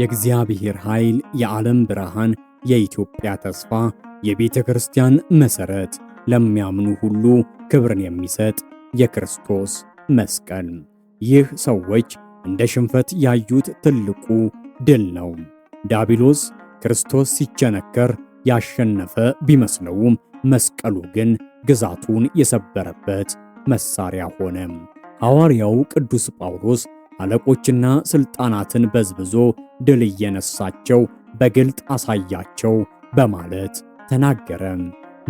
የእግዚአብሔር ኃይል፣ የዓለም ብርሃን፣ የኢትዮጵያ ተስፋ፣ የቤተ ክርስቲያን መሠረት፣ ለሚያምኑ ሁሉ ክብርን የሚሰጥ የክርስቶስ መስቀል። ይህ ሰዎች እንደ ሽንፈት ያዩት ትልቁ ድል ነው። ዳቢሎስ ክርስቶስ ሲቸነከር ያሸነፈ ቢመስለውም መስቀሉ ግን ግዛቱን የሰበረበት መሳሪያ ሆነ። ሐዋርያው ቅዱስ ጳውሎስ አለቆችና ስልጣናትን በዝብዞ ድል እየነሳቸው በግልጥ አሳያቸው በማለት ተናገረ።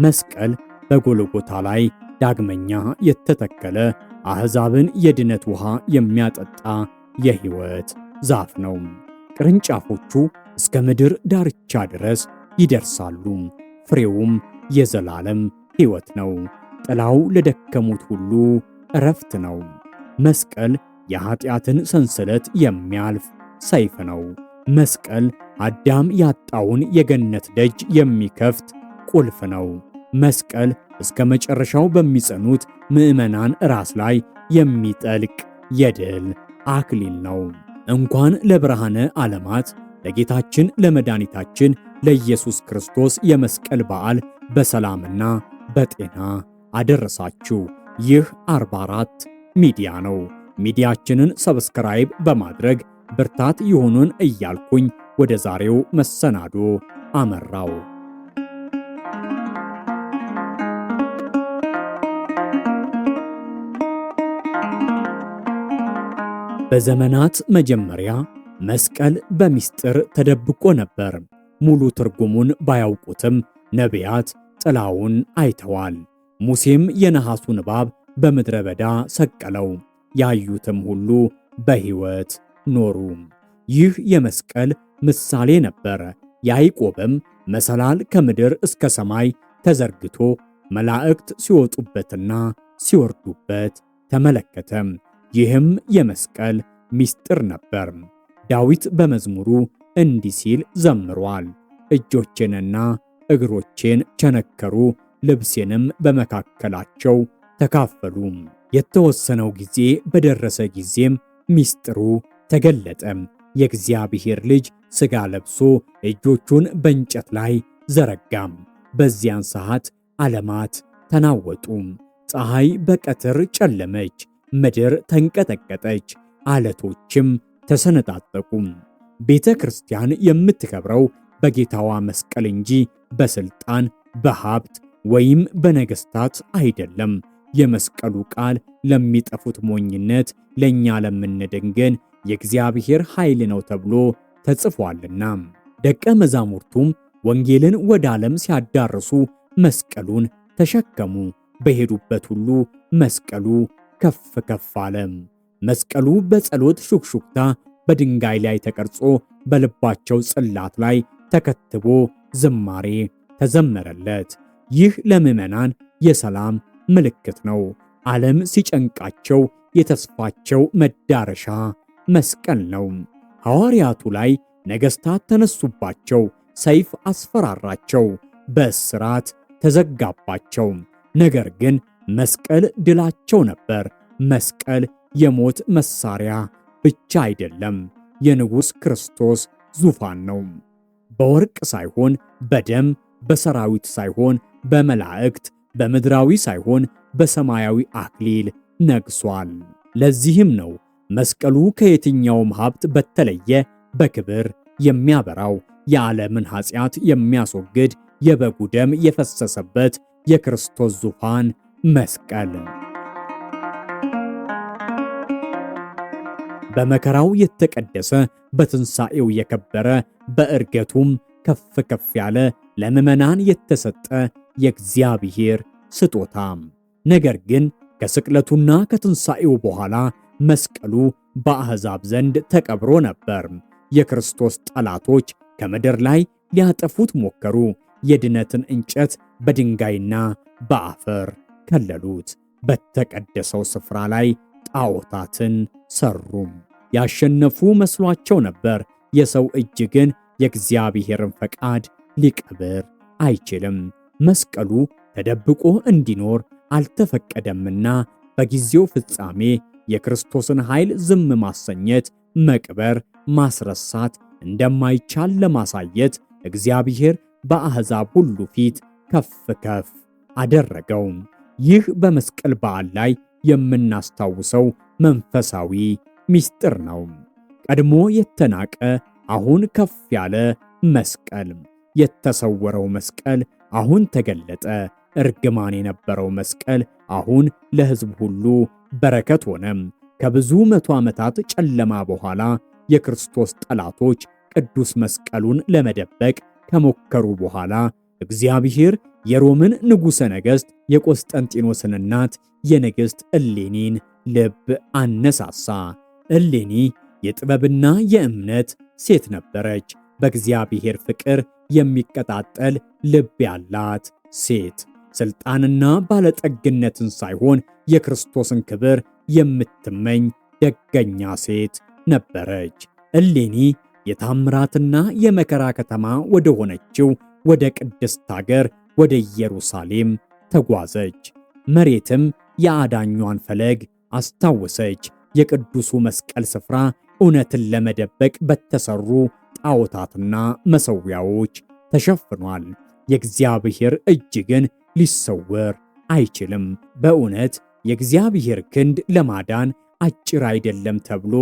መስቀል በጎልጎታ ላይ ዳግመኛ የተተከለ አሕዛብን የድነት ውሃ የሚያጠጣ የሕይወት ዛፍ ነው። ቅርንጫፎቹ እስከ ምድር ዳርቻ ድረስ ይደርሳሉ። ፍሬውም የዘላለም ሕይወት ነው። ጥላው ለደከሙት ሁሉ እረፍት ነው። መስቀል የኃጢአትን ሰንሰለት የሚያልፍ ሰይፍ ነው። መስቀል አዳም ያጣውን የገነት ደጅ የሚከፍት ቁልፍ ነው። መስቀል እስከ መጨረሻው በሚጸኑት ምዕመናን ራስ ላይ የሚጠልቅ የድል አክሊል ነው። እንኳን ለብርሃነ ዓለማት ለጌታችን ለመድኃኒታችን ለኢየሱስ ክርስቶስ የመስቀል በዓል በሰላምና በጤና አደረሳችሁ። ይህ 44 ሚዲያ ነው። ሚዲያችንን ሰብስክራይብ በማድረግ ብርታት ይሁኑን እያልኩኝ ወደ ዛሬው መሰናዶ አመራው። በዘመናት መጀመሪያ መስቀል በሚስጥር ተደብቆ ነበር። ሙሉ ትርጉሙን ባያውቁትም ነቢያት ጥላውን አይተዋል። ሙሴም የነሐሱን እባብ በምድረ በዳ ሰቀለው። ያዩትም ሁሉ በሕይወት ኖሩ። ይህ የመስቀል ምሳሌ ነበር። ያዕቆብም መሰላል ከምድር እስከ ሰማይ ተዘርግቶ መላእክት ሲወጡበትና ሲወርዱበት ተመለከተ። ይህም የመስቀል ምስጢር ነበር። ዳዊት በመዝሙሩ እንዲህ ሲል ዘምሯል። እጆቼንና እግሮቼን ቸነከሩ፣ ልብሴንም በመካከላቸው ተካፈሉ። የተወሰነው ጊዜ በደረሰ ጊዜም ሚስጥሩ ተገለጠም። የእግዚአብሔር ልጅ ሥጋ ለብሶ እጆቹን በእንጨት ላይ ዘረጋም። በዚያን ሰዓት ዓለማት ተናወጡ። ፀሐይ በቀትር ጨለመች፣ ምድር ተንቀጠቀጠች፣ አለቶችም ተሰነጣጠቁ። ቤተ ክርስቲያን የምትከብረው በጌታዋ መስቀል እንጂ በስልጣን በሀብት ወይም በነገስታት አይደለም። የመስቀሉ ቃል ለሚጠፉት ሞኝነት፣ ለእኛ ለምንድን ግን የእግዚአብሔር ኃይል ነው ተብሎ ተጽፏልና። ደቀ መዛሙርቱም ወንጌልን ወደ ዓለም ሲያዳርሱ መስቀሉን ተሸከሙ። በሄዱበት ሁሉ መስቀሉ ከፍ ከፍ አለ። መስቀሉ በጸሎት ሹክሹክታ በድንጋይ ላይ ተቀርጾ በልባቸው ጽላት ላይ ተከትቦ ዝማሬ ተዘመረለት። ይህ ለምዕመናን የሰላም ምልክት ነው። ዓለም ሲጨንቃቸው የተስፋቸው መዳረሻ መስቀል ነው። ሐዋርያቱ ላይ ነገሥታት ተነሱባቸው፣ ሰይፍ አስፈራራቸው፣ በእስራት ተዘጋባቸው። ነገር ግን መስቀል ድላቸው ነበር። መስቀል የሞት መሳሪያ ብቻ አይደለም፣ የንጉሥ ክርስቶስ ዙፋን ነው። በወርቅ ሳይሆን በደም በሰራዊት ሳይሆን በመላእክት በምድራዊ ሳይሆን በሰማያዊ አክሊል ነግሷል። ለዚህም ነው መስቀሉ ከየትኛውም ሀብት በተለየ በክብር የሚያበራው የዓለምን ኃጢአት የሚያስወግድ የበጉ ደም የፈሰሰበት የክርስቶስ ዙፋን መስቀል። በመከራው የተቀደሰ በትንሣኤው የከበረ በእርገቱም ከፍ ከፍ ያለ ለምዕመናን የተሰጠ የእግዚአብሔር ስጦታ። ነገር ግን ከስቅለቱና ከትንሣኤው በኋላ መስቀሉ በአሕዛብ ዘንድ ተቀብሮ ነበር። የክርስቶስ ጠላቶች ከምድር ላይ ሊያጠፉት ሞከሩ። የድነትን እንጨት በድንጋይና በአፈር ከለሉት። በተቀደሰው ስፍራ ላይ ጣዖታትን ሰሩም። ያሸነፉ መስሏቸው ነበር። የሰው እጅ ግን የእግዚአብሔርን ፈቃድ ሊቀብር አይችልም። መስቀሉ ተደብቆ እንዲኖር አልተፈቀደምና በጊዜው ፍጻሜ የክርስቶስን ኃይል ዝም ማሰኘት፣ መቅበር፣ ማስረሳት እንደማይቻል ለማሳየት እግዚአብሔር በአሕዛብ ሁሉ ፊት ከፍ ከፍ አደረገው። ይህ በመስቀል በዓል ላይ የምናስታውሰው መንፈሳዊ ምስጢር ነው። ቀድሞ የተናቀ አሁን ከፍ ያለ መስቀል የተሰወረው መስቀል አሁን ተገለጠ። እርግማን የነበረው መስቀል አሁን ለሕዝብ ሁሉ በረከት ሆነ። ከብዙ መቶ ዓመታት ጨለማ በኋላ የክርስቶስ ጠላቶች ቅዱስ መስቀሉን ለመደበቅ ከሞከሩ በኋላ እግዚአብሔር የሮምን ንጉሠ ነገሥት የቆስጠንጢኖስን እናት የንግሥት እሌኒን ልብ አነሳሳ። እሌኒ የጥበብና የእምነት ሴት ነበረች። በእግዚአብሔር ፍቅር የሚቀጣጠል ልብ ያላት ሴት ስልጣንና ባለጠግነትን ሳይሆን የክርስቶስን ክብር የምትመኝ ደገኛ ሴት ነበረች። እሌኒ የታምራትና የመከራ ከተማ ወደ ሆነችው ወደ ቅድስት አገር ወደ ኢየሩሳሌም ተጓዘች። መሬትም የአዳኟን ፈለግ አስታወሰች። የቅዱሱ መስቀል ስፍራ እውነትን ለመደበቅ በተሰሩ ጣዖታትና መሰዊያዎች ተሸፍኗል። የእግዚአብሔር እጅ ግን ሊሰወር አይችልም። በእውነት የእግዚአብሔር ክንድ ለማዳን አጭር አይደለም ተብሎ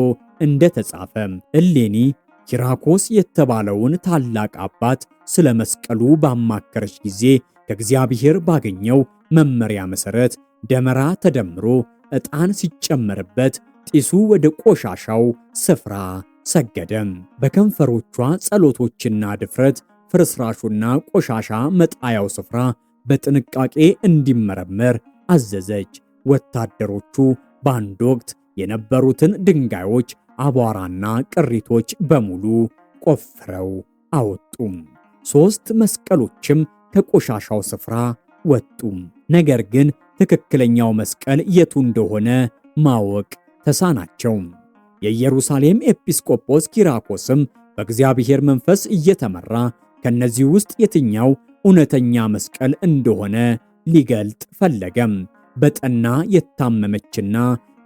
እንደተጻፈ እሌኒ ኪራኮስ የተባለውን ታላቅ አባት ስለ መስቀሉ ባማከረች ጊዜ ከእግዚአብሔር ባገኘው መመሪያ መሰረት ደመራ ተደምሮ ዕጣን ሲጨመርበት ጢሱ ወደ ቆሻሻው ስፍራ ሰገደም። በከንፈሮቿ ጸሎቶችና ድፍረት ፍርስራሹና ቆሻሻ መጣያው ስፍራ በጥንቃቄ እንዲመረመር አዘዘች። ወታደሮቹ በአንድ ወቅት የነበሩትን ድንጋዮች፣ አቧራና ቅሪቶች በሙሉ ቆፍረው አወጡም። ሦስት መስቀሎችም ከቆሻሻው ስፍራ ወጡም። ነገር ግን ትክክለኛው መስቀል የቱ እንደሆነ ማወቅ ተሳናቸው። የኢየሩሳሌም ኤጲስቆጶስ ኪራኮስም በእግዚአብሔር መንፈስ እየተመራ ከነዚህ ውስጥ የትኛው እውነተኛ መስቀል እንደሆነ ሊገልጥ ፈለገም። በጠና የታመመችና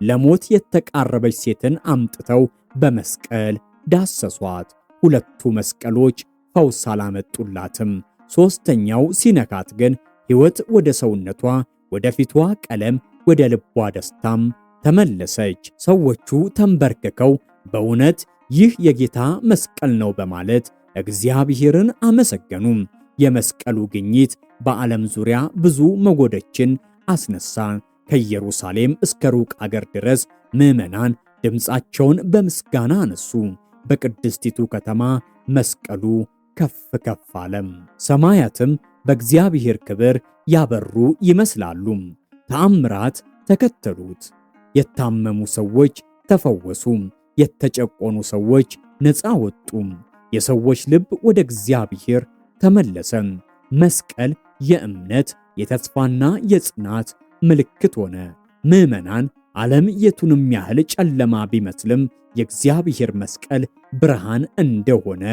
ለሞት የተቃረበች ሴትን አምጥተው በመስቀል ዳሰሷት። ሁለቱ መስቀሎች ፈውስ አላመጡላትም። ሦስተኛው ሲነካት ግን ሕይወት ወደ ሰውነቷ፣ ወደ ፊቷ ቀለም፣ ወደ ልቧ ደስታም ተመለሰች። ሰዎቹ ተንበርክከው በእውነት ይህ የጌታ መስቀል ነው በማለት እግዚአብሔርን አመሰገኑ። የመስቀሉ ግኝት በዓለም ዙሪያ ብዙ መጎደችን አስነሳ። ከኢየሩሳሌም እስከ ሩቅ አገር ድረስ ምዕመናን ድምፃቸውን በምስጋና አነሱ። በቅድስቲቱ ከተማ መስቀሉ ከፍ ከፍ አለም። ሰማያትም በእግዚአብሔር ክብር ያበሩ ይመስላሉ። ተአምራት ተከተሉት። የታመሙ ሰዎች ተፈወሱ፣ የተጨቆኑ ሰዎች ነፃ ወጡ። የሰዎች ልብ ወደ እግዚአብሔር ተመለሰ። መስቀል የእምነት የተስፋና የጽናት ምልክት ሆነ። ምዕመናን ዓለም የቱንም ያህል ጨለማ ቢመስልም የእግዚአብሔር መስቀል ብርሃን እንደሆነ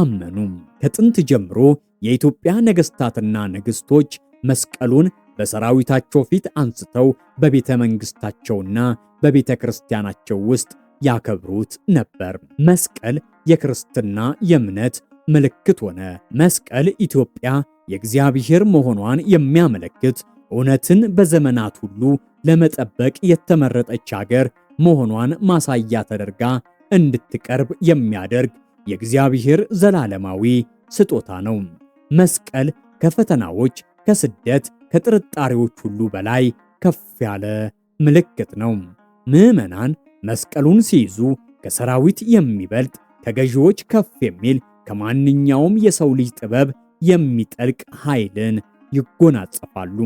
አመኑ። ከጥንት ጀምሮ የኢትዮጵያ ነገሥታትና ንግሥቶች መስቀሉን በሰራዊታቸው ፊት አንስተው በቤተ መንግስታቸውና በቤተ ክርስቲያናቸው ውስጥ ያከብሩት ነበር። መስቀል የክርስትና የእምነት ምልክት ሆነ። መስቀል ኢትዮጵያ የእግዚአብሔር መሆኗን የሚያመለክት እውነትን በዘመናት ሁሉ ለመጠበቅ የተመረጠች ሀገር መሆኗን ማሳያ ተደርጋ እንድትቀርብ የሚያደርግ የእግዚአብሔር ዘላለማዊ ስጦታ ነው። መስቀል ከፈተናዎች ከስደት ከጥርጣሬዎች ሁሉ በላይ ከፍ ያለ ምልክት ነው። ምዕመናን መስቀሉን ሲይዙ ከሰራዊት የሚበልጥ ከገዢዎች ከፍ የሚል ከማንኛውም የሰው ልጅ ጥበብ የሚጠልቅ ኃይልን ይጎናጸፋሉ።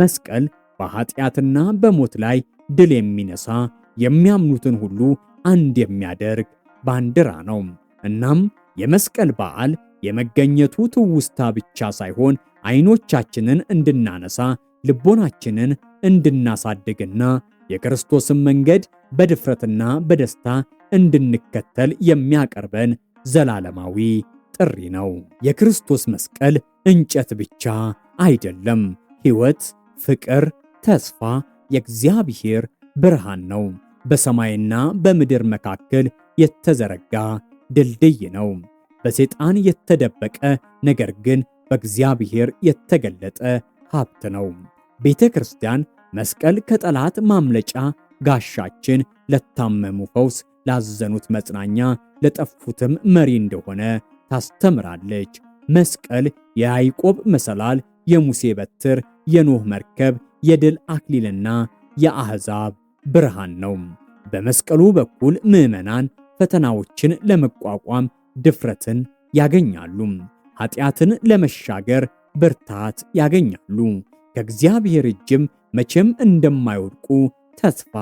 መስቀል በኃጢአትና በሞት ላይ ድል የሚነሳ የሚያምኑትን ሁሉ አንድ የሚያደርግ ባንዲራ ነው። እናም የመስቀል በዓል የመገኘቱ ትውስታ ብቻ ሳይሆን አይኖቻችንን እንድናነሳ ልቦናችንን እንድናሳድግና የክርስቶስን መንገድ በድፍረትና በደስታ እንድንከተል የሚያቀርበን ዘላለማዊ ጥሪ ነው። የክርስቶስ መስቀል እንጨት ብቻ አይደለም፤ ሕይወት፣ ፍቅር፣ ተስፋ፣ የእግዚአብሔር ብርሃን ነው። በሰማይና በምድር መካከል የተዘረጋ ድልድይ ነው። በሰይጣን የተደበቀ ነገር ግን በእግዚአብሔር የተገለጠ ሀብት ነው። ቤተ ክርስቲያን መስቀል ከጠላት ማምለጫ ጋሻችን፣ ለታመሙ ፈውስ፣ ላዘኑት መጽናኛ፣ ለጠፉትም መሪ እንደሆነ ታስተምራለች። መስቀል የያይቆብ መሰላል፣ የሙሴ በትር፣ የኖህ መርከብ፣ የድል አክሊልና የአሕዛብ ብርሃን ነው። በመስቀሉ በኩል ምዕመናን ፈተናዎችን ለመቋቋም ድፍረትን ያገኛሉ። ኃጢአትን ለመሻገር ብርታት ያገኛሉ። ከእግዚአብሔር እጅም መቼም እንደማይወድቁ ተስፋ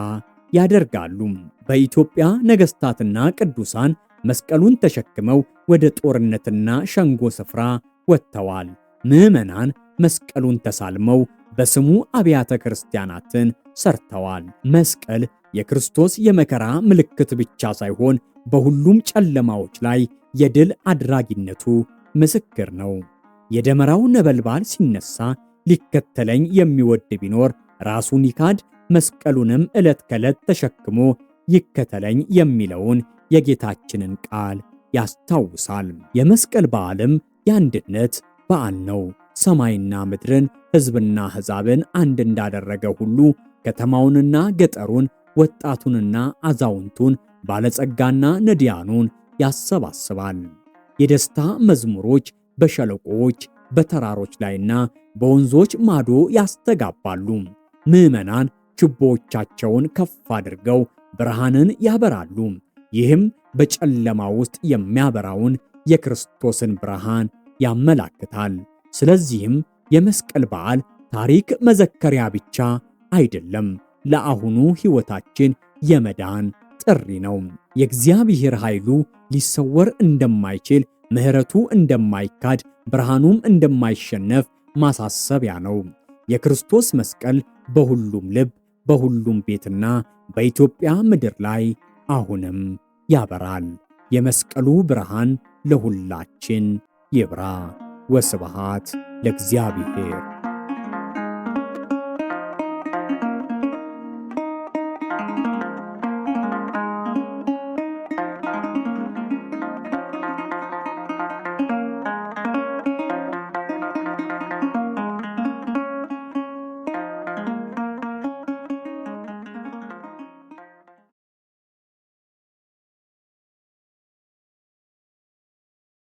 ያደርጋሉ። በኢትዮጵያ ነገሥታትና ቅዱሳን መስቀሉን ተሸክመው ወደ ጦርነትና ሸንጎ ስፍራ ወጥተዋል። ምዕመናን መስቀሉን ተሳልመው በስሙ አብያተ ክርስቲያናትን ሰርተዋል። መስቀል የክርስቶስ የመከራ ምልክት ብቻ ሳይሆን በሁሉም ጨለማዎች ላይ የድል አድራጊነቱ ምስክር ነው። የደመራው ነበልባል ሲነሳ ሊከተለኝ የሚወድ ቢኖር ራሱን ይካድ መስቀሉንም ዕለት ከዕለት ተሸክሞ ይከተለኝ የሚለውን የጌታችንን ቃል ያስታውሳል። የመስቀል በዓልም የአንድነት በዓል ነው። ሰማይና ምድርን ሕዝብና ህዛብን አንድ እንዳደረገ ሁሉ ከተማውንና ገጠሩን ወጣቱንና አዛውንቱን ባለጸጋና ነዲያኑን ያሰባስባል። የደስታ መዝሙሮች በሸለቆዎች በተራሮች ላይና በወንዞች ማዶ ያስተጋባሉ። ምዕመናን ችቦዎቻቸውን ከፍ አድርገው ብርሃንን ያበራሉ። ይህም በጨለማ ውስጥ የሚያበራውን የክርስቶስን ብርሃን ያመላክታል። ስለዚህም የመስቀል በዓል ታሪክ መዘከሪያ ብቻ አይደለም፣ ለአሁኑ ሕይወታችን የመዳን ጥሪ ነው። የእግዚአብሔር ኃይሉ ሊሰወር እንደማይችል፣ ምሕረቱ እንደማይካድ፣ ብርሃኑም እንደማይሸነፍ ማሳሰቢያ ነው። የክርስቶስ መስቀል በሁሉም ልብ በሁሉም ቤትና በኢትዮጵያ ምድር ላይ አሁንም ያበራል። የመስቀሉ ብርሃን ለሁላችን ይብራ። ወስብሃት ለእግዚአብሔር።